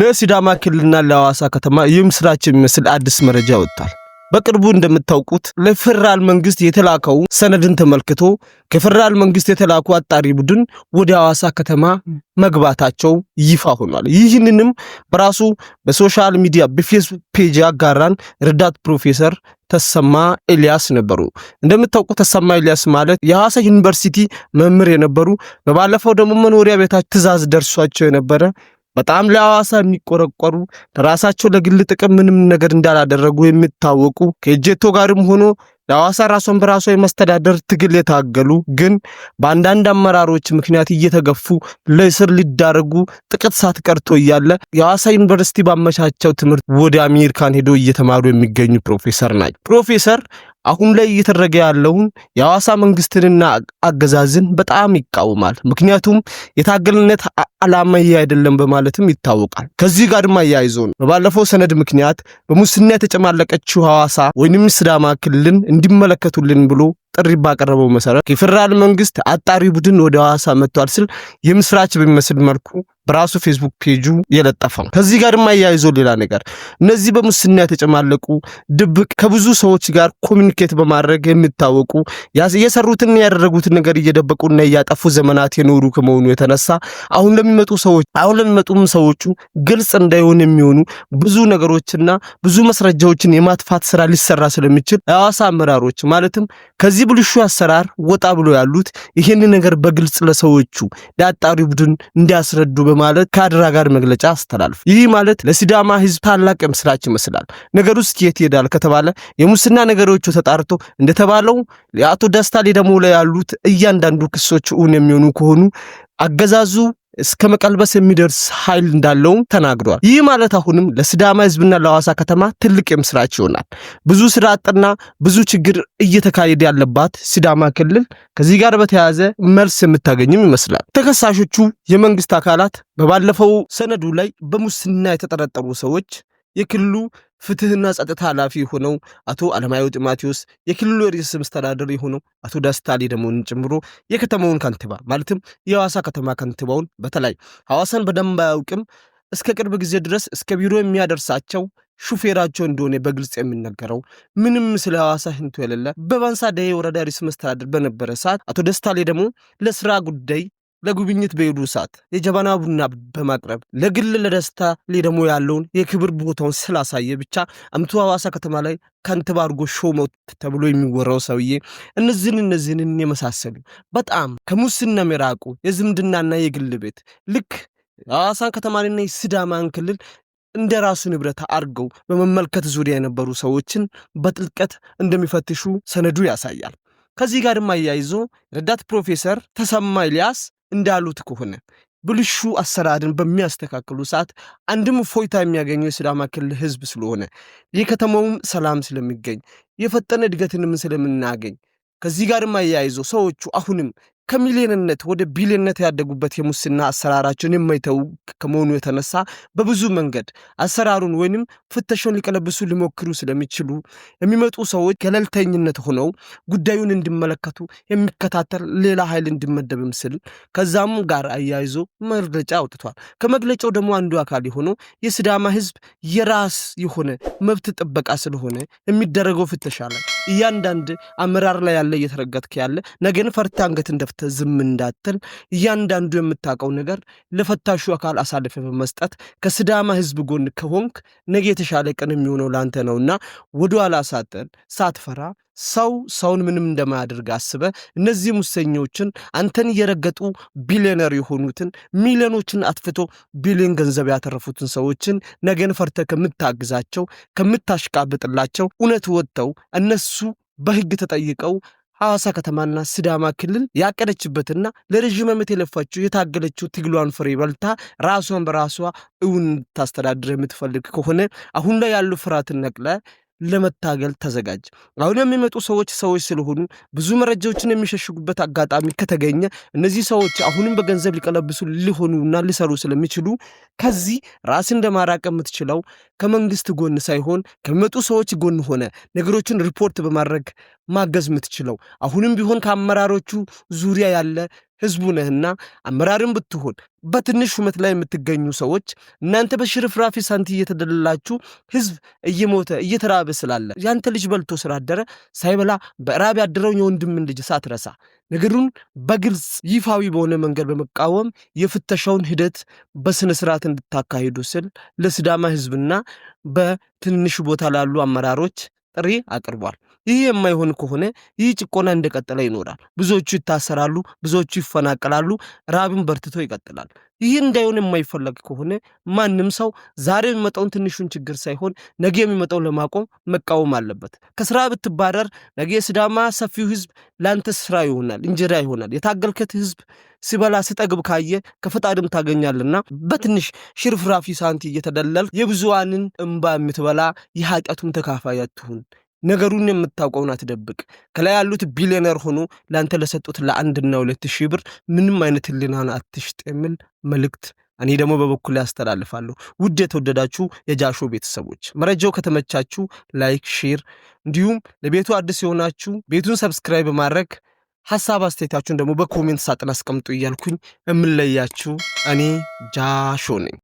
ለሲዳማ ክልልና ለሐዋሳ ከተማ የምስራችን የሚመስል አዲስ መረጃ ወጥቷል። በቅርቡ እንደምታውቁት ለፌደራል መንግስት የተላከው ሰነድን ተመልክቶ ከፌደራል መንግስት የተላኩ አጣሪ ቡድን ወደ ሐዋሳ ከተማ መግባታቸው ይፋ ሆኗል። ይህንንም በራሱ በሶሻል ሚዲያ በፌስቡክ ፔጅ ያጋራን ረዳት ፕሮፌሰር ተሰማ ኤልያስ ነበሩ። እንደምታውቁ ተሰማ ኤልያስ ማለት የሐዋሳ ዩኒቨርሲቲ መምህር የነበሩ በባለፈው ደግሞ መኖሪያ ቤታቸው ትዕዛዝ ደርሷቸው የነበረ በጣም ለሐዋሳ የሚቆረቆሩ ለራሳቸው ለግል ጥቅም ምንም ነገር እንዳላደረጉ የሚታወቁ ከእጀቶ ጋርም ሆኖ ለሐዋሳ ራሷን በራሷ የመስተዳደር ትግል የታገሉ ግን በአንዳንድ አመራሮች ምክንያት እየተገፉ ለእስር ሊዳረጉ ጥቂት ሰዓት ቀርቶ እያለ የሐዋሳ ዩኒቨርሲቲ ባመቻቸው ትምህርት ወደ አሜሪካን ሄዶ እየተማሩ የሚገኙ ፕሮፌሰር ናቸው። ፕሮፌሰር አሁን ላይ እየተደረገ ያለውን የሐዋሳ መንግስትንና አገዛዝን በጣም ይቃወማል። ምክንያቱም የታገልነት ዓላማ ይህ አይደለም በማለትም ይታወቃል። ከዚህ ጋርም አያይዞ ነው በባለፈው ሰነድ ምክንያት በሙስና የተጨማለቀችው ሐዋሳ ወይንም ስዳማ ክልልን እንዲመለከቱልን ብሎ ጥሪ ባቀረበው መሰረት የፌዴራል መንግስት አጣሪ ቡድን ወደ ሐዋሳ መጥቷል ሲል የምስራች በሚመስል መልኩ በራሱ ፌስቡክ ፔጁ የለጠፈው። ከዚህ ጋር የማያይዞ ሌላ ነገር እነዚህ በሙስና የተጨማለቁ ድብቅ ከብዙ ሰዎች ጋር ኮሚኒኬት በማድረግ የሚታወቁ የሰሩትን ያደረጉትን ነገር እየደበቁና እያጠፉ ዘመናት የኖሩ ከመሆኑ የተነሳ አሁን ለሚመጡ ሰዎች አሁን ለሚመጡም ሰዎቹ ግልጽ እንዳይሆን የሚሆኑ ብዙ ነገሮችና ብዙ መስረጃዎችን የማጥፋት ስራ ሊሰራ ስለሚችል የሐዋሳ አመራሮች ማለትም ከዚህ ብልሹ አሰራር ወጣ ብሎ ያሉት ይህን ነገር በግልጽ ለሰዎቹ ለአጣሪ ቡድን እንዲያስረዱ በማለት ከአድራ ጋር መግለጫ አስተላልፉ። ይህ ማለት ለሲዳማ ህዝብ ታላቅ ምስራች ይመስላል። ነገሩ እስኪ የት ይሄዳል ከተባለ የሙስና ነገሮቹ ተጣርቶ እንደተባለው የአቶ ደስታ ሌዳሞ ላይ ያሉት እያንዳንዱ ክሶች እውን የሚሆኑ ከሆኑ አገዛዙ እስከ መቀልበስ የሚደርስ ኃይል እንዳለውም ተናግሯል። ይህ ማለት አሁንም ለስዳማ ህዝብና ለሐዋሳ ከተማ ትልቅ የምስራች ይሆናል። ብዙ ስራ አጥና ብዙ ችግር እየተካሄደ ያለባት ሲዳማ ክልል ከዚህ ጋር በተያያዘ መልስ የምታገኝም ይመስላል። ተከሳሾቹ የመንግስት አካላት በባለፈው ሰነዱ ላይ በሙስና የተጠረጠሩ ሰዎች የክልሉ ፍትህና ጸጥታ ኃላፊ የሆነው አቶ አለማየሁ ጢሞቴዎስ፣ የክልሉ ርዕሰ መስተዳደር የሆነው አቶ ደስታ ሌዳሞን ጨምሮ የከተማውን ከንቲባ ማለትም የሐዋሳ ከተማ ከንቲባውን በተለይ ሐዋሳን በደንብ አያውቅም እስከ ቅርብ ጊዜ ድረስ እስከ ቢሮ የሚያደርሳቸው ሹፌራቸው እንደሆነ በግልጽ የሚነገረው ምንም ስለ ሐዋሳ ህንቱ የሌለ በባንሳ ዳዬ ወረዳ ርዕሰ መስተዳድር በነበረ ሰዓት አቶ ደስታ ደግሞ ለስራ ጉዳይ ለጉብኝት በሄዱ ሰዓት የጀበና ቡና በማቅረብ ለግል ለደስታ ላይ ደግሞ ያለውን የክብር ቦታውን ስላሳየ ብቻ አምቶ ሐዋሳ ከተማ ላይ ከንቲባ አድርጎ ሾመት ተብሎ የሚወራው ሰውዬ እነዚህን እነዚህን የመሳሰሉ በጣም ከሙስና የራቁ የዝምድናና የግል ቤት ልክ ሐዋሳን ከተማና የስዳማን ክልል እንደ ራሱ ንብረት አድርገው በመመልከት ዙሪያ የነበሩ ሰዎችን በጥልቀት እንደሚፈትሹ ሰነዱ ያሳያል። ከዚህ ጋርም አያይዞ ረዳት ፕሮፌሰር ተሰማ ኤልያስ እንዳሉት ከሆነ ብልሹ አሰራርን በሚያስተካክሉ ሰዓት አንድም ፎይታ የሚያገኘው የስዳማ ክልል ህዝብ ስለሆነ የከተማውም ሰላም ስለሚገኝ የፈጠነ እድገትንም ስለምናገኝ ከዚህ ጋርም አያይዞ ሰዎቹ አሁንም ከሚሊዮንነት ወደ ቢሊዮንነት ያደጉበት የሙስና አሰራራቸውን የማይተው ከመሆኑ የተነሳ በብዙ መንገድ አሰራሩን ወይንም ፍተሻውን ሊቀለብሱ ሊሞክሩ ስለሚችሉ የሚመጡ ሰዎች ገለልተኝነት ሆነው ጉዳዩን እንዲመለከቱ የሚከታተል ሌላ ኃይል እንዲመደብም ስል ከዛም ጋር አያይዞ መግለጫ አውጥቷል። ከመግለጫው ደግሞ አንዱ አካል የሆነው የስዳማ ህዝብ የራስ የሆነ መብት ጥበቃ ስለሆነ የሚደረገው ፍተሻ ላይ እያንዳንድ አመራር ላይ ያለ እየተረገጥክ ያለ ነገን ፈርታ አንገት እንደፍታ አንተ ዝም እንዳትል እያንዳንዱ የምታውቀው ነገር ለፈታሹ አካል አሳልፈ በመስጠት ከስዳማ ህዝብ ጎን ከሆንክ ነገ የተሻለ ቀን የሚሆነው ላንተ ነውና ወደኋላ ሳትል ሳትፈራ ሰው ሰውን ምንም እንደማያደርግ አስበ እነዚህ ሙሰኞችን አንተን እየረገጡ ቢሊዮነር የሆኑትን ሚሊዮኖችን አትፍቶ ቢሊዮን ገንዘብ ያተረፉትን ሰዎችን ነገን ፈርተ ከምታግዛቸው ከምታሽቃብጥላቸው እውነት ወጥተው እነሱ በህግ ተጠይቀው ሐዋሳ ከተማና ስዳማ ክልል ያቀደችበትና ለረዥም ዓመት የለፋችው የታገለችው ትግሏን ፍሬ በልታ ራሷን በራሷ እውን እንድታስተዳድር የምትፈልግ ከሆነ አሁን ላይ ያሉ ፍርሃትን ነቅለ ለመታገል ተዘጋጅ። አሁን የሚመጡ ሰዎች ሰዎች ስለሆኑ ብዙ መረጃዎችን የሚሸሽጉበት አጋጣሚ ከተገኘ እነዚህ ሰዎች አሁንም በገንዘብ ሊቀለብሱ ሊሆኑና ሊሰሩ ስለሚችሉ ከዚህ ራስን እንደማራቅ የምትችለው ከመንግስት ጎን ሳይሆን ከሚመጡ ሰዎች ጎን ሆነ ነገሮችን ሪፖርት በማድረግ ማገዝ የምትችለው አሁንም ቢሆን ከአመራሮቹ ዙሪያ ያለ ህዝቡ ነህና አመራርም ብትሆን በትንሽ ሹመት ላይ የምትገኙ ሰዎች እናንተ በሽርፍራፊ ሳንቲ እየተደለላችሁ ህዝብ እየሞተ እየተራበ ስላለ ያንተ ልጅ በልቶ ስላደረ ሳይበላ በራብ ያደረውን የወንድምን ልጅ ሳትረሳ ነገሩን በግልጽ ይፋዊ በሆነ መንገድ በመቃወም የፍተሻውን ሂደት በስነ ስርዓት እንድታካሂዱ ስል ለስዳማ ህዝብና በትንሽ ቦታ ላሉ አመራሮች ጥሪ አቅርቧል። ይህ የማይሆን ከሆነ ይህ ጭቆና እንደቀጠለ ይኖራል። ብዙዎቹ ይታሰራሉ፣ ብዙዎቹ ይፈናቀላሉ፣ ራብን በርትቶ ይቀጥላል። ይህ እንዳይሆን የማይፈለግ ከሆነ ማንም ሰው ዛሬ የሚመጣውን ትንሹን ችግር ሳይሆን ነገ የሚመጣውን ለማቆም መቃወም አለበት። ከስራ ብትባረር ነገ ስዳማ ሰፊው ህዝብ ለአንተ ስራ ይሆናል፣ እንጀራ ይሆናል። የታገልከት ህዝብ ሲበላ ሲጠግብ ካየ ከፈጣሪም ታገኛልና በትንሽ ሽርፍራፊ ሳንቲ እየተደለል የብዙዋንን እንባ የምትበላ የኃጢአቱም ተካፋይ አትሁን። ነገሩን የምታውቀውን አትደብቅ። ከላይ ያሉት ቢሊዮነር ሆኖ ለአንተ ለሰጡት ለአንድና ሁለት ሺህ ብር ምንም አይነት ህሊናን አትሽጥ የሚል መልእክት እኔ ደግሞ በበኩል ያስተላልፋለሁ። ውድ የተወደዳችሁ የጃሾ ቤተሰቦች መረጃው ከተመቻችሁ ላይክ፣ ሼር እንዲሁም ለቤቱ አዲስ የሆናችሁ ቤቱን ሰብስክራይብ ማድረግ ሀሳብ አስተያየታችሁን ደግሞ በኮሜንት ሳጥን አስቀምጡ እያልኩኝ የምለያችሁ እኔ ጃሾ ነኝ።